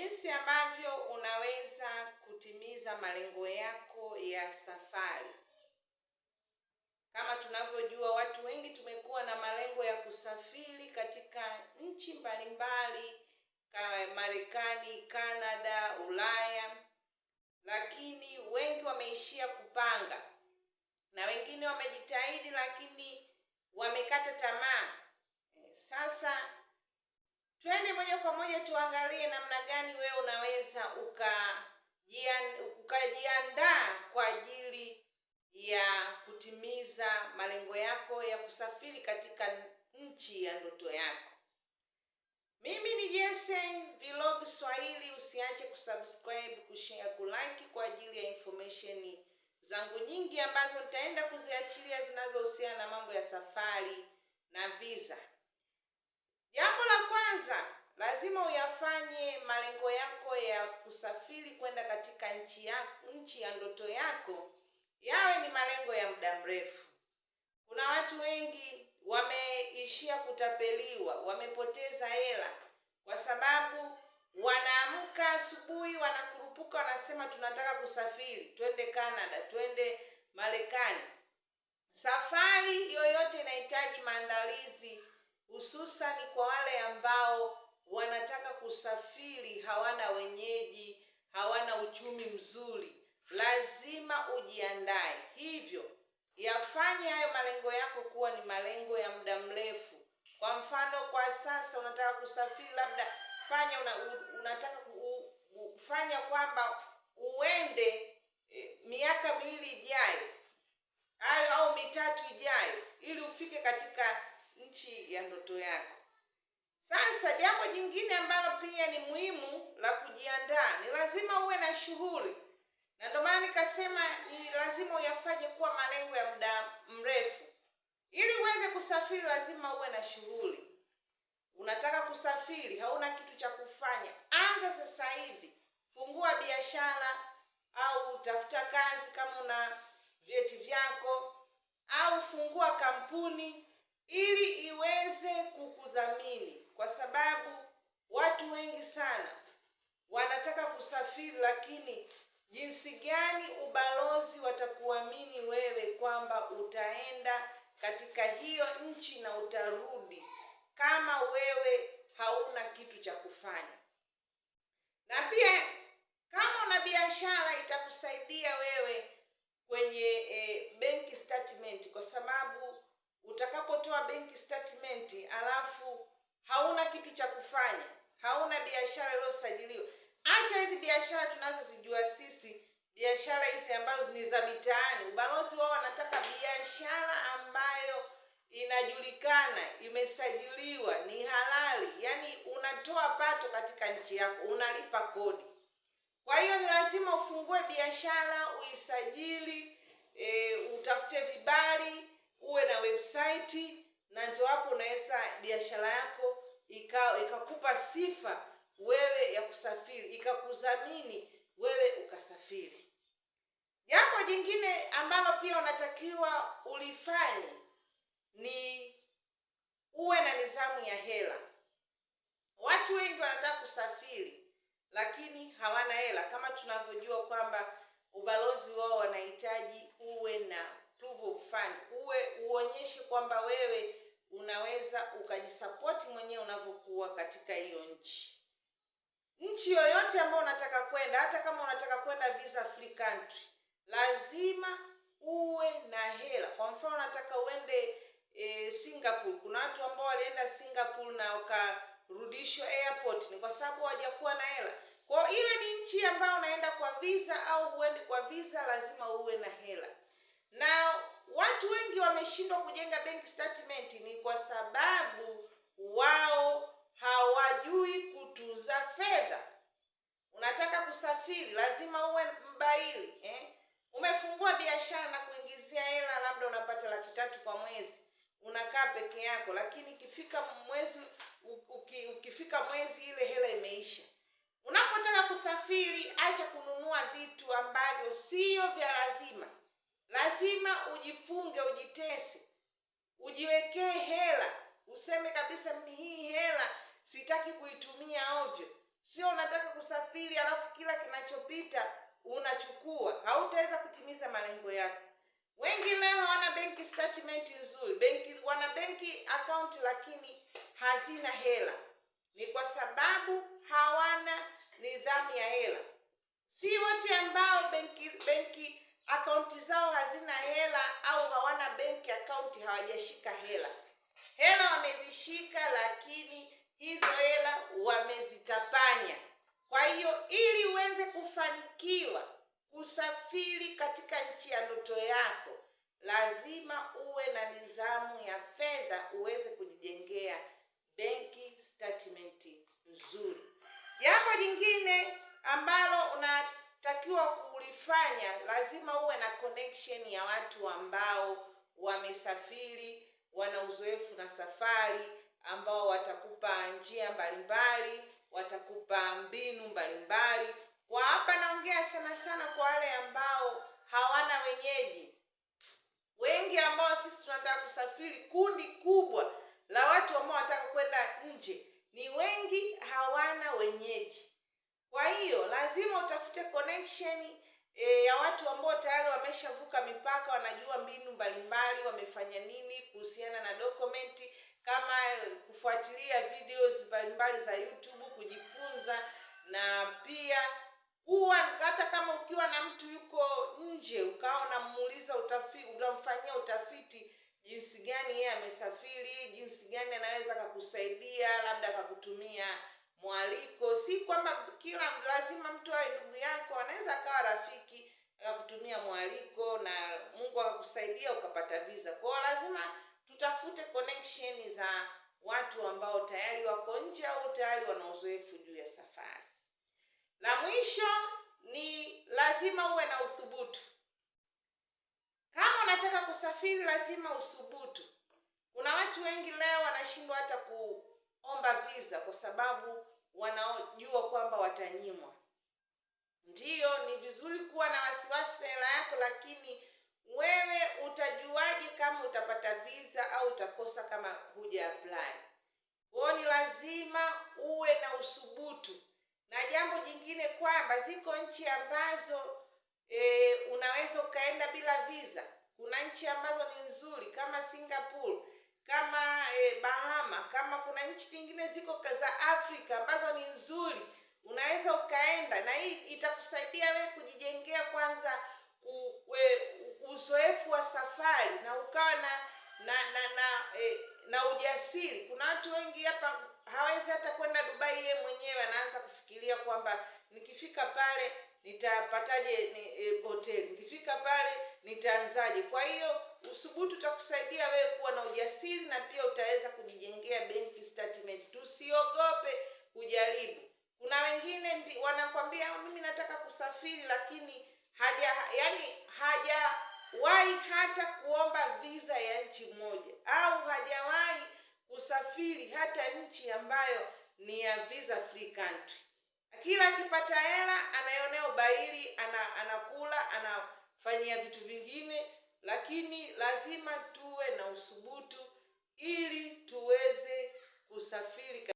Jinsi ambavyo unaweza kutimiza malengo yako ya safari. Kama tunavyojua, watu wengi tumekuwa na malengo ya kusafiri katika nchi mbalimbali kama Marekani, Kanada, Ulaya, lakini wengi wameishia kupanga na wengine wamejitahidi, lakini wamekata tamaa. Sasa Twende moja kwa moja tuangalie namna gani wewe unaweza ukajiandaa kwa ajili ya kutimiza malengo yako ya kusafiri katika nchi ya ndoto yako. Mimi ni Jesse Vlog Swahili, usiache kusubscribe, kushare, kulike kwa ajili ya information zangu nyingi ambazo nitaenda kuziachilia zinazohusiana na mambo ya safari na visa. Jambo kwanza lazima uyafanye malengo yako ya kusafiri kwenda katika nchi ya nchi ya ndoto yako yawe ni malengo ya muda mrefu. Kuna watu wengi wameishia kutapeliwa, wamepoteza hela kwa sababu wanaamka asubuhi, wanakurupuka, wanasema tunataka kusafiri, twende Canada, twende Marekani. Safari yoyote inahitaji maandalizi hususani kwa wale ambao wanataka kusafiri, hawana wenyeji, hawana uchumi mzuri, lazima ujiandae. Hivyo yafanye hayo malengo yako kuwa ni malengo ya muda mrefu. Kwa mfano, kwa sasa unataka kusafiri, labda fanya una, unataka kufanya kwamba uende e, miaka miwili ijayo au mitatu ijayo, ili ufike katika nchi ya ndoto yako. Sasa jambo jingine ambalo pia ni muhimu la kujiandaa, ni lazima uwe na shughuli, na ndio maana nikasema ni lazima uyafanye kuwa malengo ya muda mrefu. Ili uweze kusafiri, lazima uwe na shughuli. Unataka kusafiri, hauna kitu cha kufanya, anza sasa hivi. Fungua biashara au tafuta kazi kama una vyeti vyako, au fungua kampuni ili iweze kukudhamini, kwa sababu watu wengi sana wanataka kusafiri, lakini jinsi gani ubalozi watakuamini wewe kwamba utaenda katika hiyo nchi na utarudi kama wewe hauna kitu cha kufanya? Na pia kama una biashara itakusaidia wewe kwenye e, eh, benki statement kwa sababu utakapotoa benki statement alafu hauna kitu cha kufanya, hauna biashara iliyosajiliwa, acha hizi biashara tunazozijua sisi, biashara hizi ambazo ni za mitaani. Ubalozi wao wanataka biashara ambayo inajulikana, imesajiliwa, ni halali, yaani unatoa pato katika nchi yako, unalipa kodi. Kwa hiyo ni lazima ufungue biashara, uisajili, e, utafute vibali uwe na website, na ndio hapo unaweza biashara yako ika ikakupa sifa wewe ya kusafiri, ikakudhamini wewe ukasafiri. Jambo jingine ambalo pia unatakiwa ulifanye ni uwe na nizamu ya hela. Watu wengi wanataka kusafiri lakini hawana hela, kama tunavyojua kwamba ubalozi wao wanahitaji uwe na proof of fund uonyeshe kwamba wewe unaweza ukajisapoti mwenyewe unavyokuwa katika hiyo nchi. Nchi yoyote ambayo unataka kwenda, hata kama unataka kwenda visa free country, lazima uwe na hela. Kwa mfano, unataka uende e, Singapore. Kuna watu ambao walienda Singapore na wakarudishwa airport, ni kwa sababu hawajakuwa na hela. Kwa ile ni nchi ambayo unaenda kwa visa au huendi kwa visa, lazima uwe na hela na Watu wengi wameshindwa kujenga bank statement ni kwa sababu wao hawajui kutunza fedha. Unataka kusafiri, lazima uwe mbaili eh? Umefungua biashara na kuingizia hela, labda unapata laki tatu kwa mwezi, unakaa peke yako, lakini ikifika mwezi uki, ukifika mwezi ile hela imeisha. Unapotaka kusafiri, acha kununua vitu ambavyo sio vya lazima lazima ujifunge, ujitesi, ujiwekee hela, useme kabisa, mimi hii hela sitaki kuitumia ovyo. Sio unataka kusafiri alafu kila kinachopita unachukua, hautaweza kutimiza malengo yako. Wengi leo wana benki statement nzuri, benki wana benki account lakini hazina hela. Ni kwa sababu hawana nidhamu ya hela. Si wote ambao benki benki akaunti zao hazina hela au hawana benki akaunti, hawajashika hela. Hela wamezishika, lakini hizo hela wamezitapanya. Kwa hiyo ili uweze kufanikiwa kusafiri katika nchi ya ndoto yako, lazima uwe na nidhamu ya fedha, uweze kujijengea benki statement nzuri. Jambo jingine ambalo unatakiwa kulifanya, lazima uwe na connection ya watu ambao wamesafiri, wana uzoefu na safari, ambao watakupa njia mbalimbali, watakupa mbinu mbalimbali. Kwa hapa naongea sana sana kwa wale ambao hawana wenyeji wengi, ambao sisi tunataka kusafiri, kundi kubwa la watu ambao wanataka kwenda nje ni wengi, hawana wenyeji kwa hiyo lazima utafute connection e, ya watu ambao tayari wameshavuka mipaka, wanajua mbinu mbalimbali, wamefanya nini kuhusiana na dokumenti, kama kufuatilia videos mbalimbali za YouTube kujifunza, na pia huwa hata kama ukiwa na mtu yuko nje ukawa unamuuliza utafiti, unamfanyia utafiti jinsi gani yeye amesafiri, jinsi gani anaweza akakusaidia, labda akakutumia mwaliko, si kwamba kila lazima mtu awe ndugu yako, anaweza akawa rafiki akakutumia mwaliko na Mungu akakusaidia ukapata visa. Kwa lazima tutafute connection za watu ambao tayari wako nje au tayari wana uzoefu juu ya safari. La mwisho ni lazima uwe na uthubutu. Kama unataka kusafiri, lazima uthubutu. Kuna watu wengi leo wanashindwa hata kuomba visa kwa sababu wanaojua kwamba watanyimwa. Ndiyo, ni vizuri kuwa na wasiwasi na hela yako, lakini wewe utajuaje kama utapata visa au utakosa kama huja apply? Kwa ni lazima uwe na usubutu, na jambo jingine kwamba ziko nchi ambazo e, unaweza ukaenda bila visa. Kuna nchi ambazo ni nzuri kama Singapore kama e, Bahama, kama kuna nchi nyingine ziko za Afrika ambazo ni nzuri, unaweza ukaenda, na hii itakusaidia wewe kujijengea kwanza uzoefu wa safari na ukawa na na na na, e, na ujasiri. Kuna watu wengi hapa hawezi hata kwenda Dubai yeye mwenyewe, anaanza kufikiria kwamba nikifika pale nitapataje ni, eh, hoteli, nikifika pale nitaanzaje? Kwa hiyo Usubutu utakusaidia wewe kuwa na ujasiri na pia utaweza kujijengea benki statement. Tusiogope kujaribu. Kuna wengine ndi, wanakwambia ah, mimi nataka kusafiri lakini haja yani hajawahi hata kuomba visa ya nchi moja au hajawahi kusafiri hata nchi ambayo ni ya visa free country. Kila akipata hela anaionea ubahili ana, anakula anafanyia vitu vingine lakini lazima tuwe na usubutu ili tuweze kusafiri.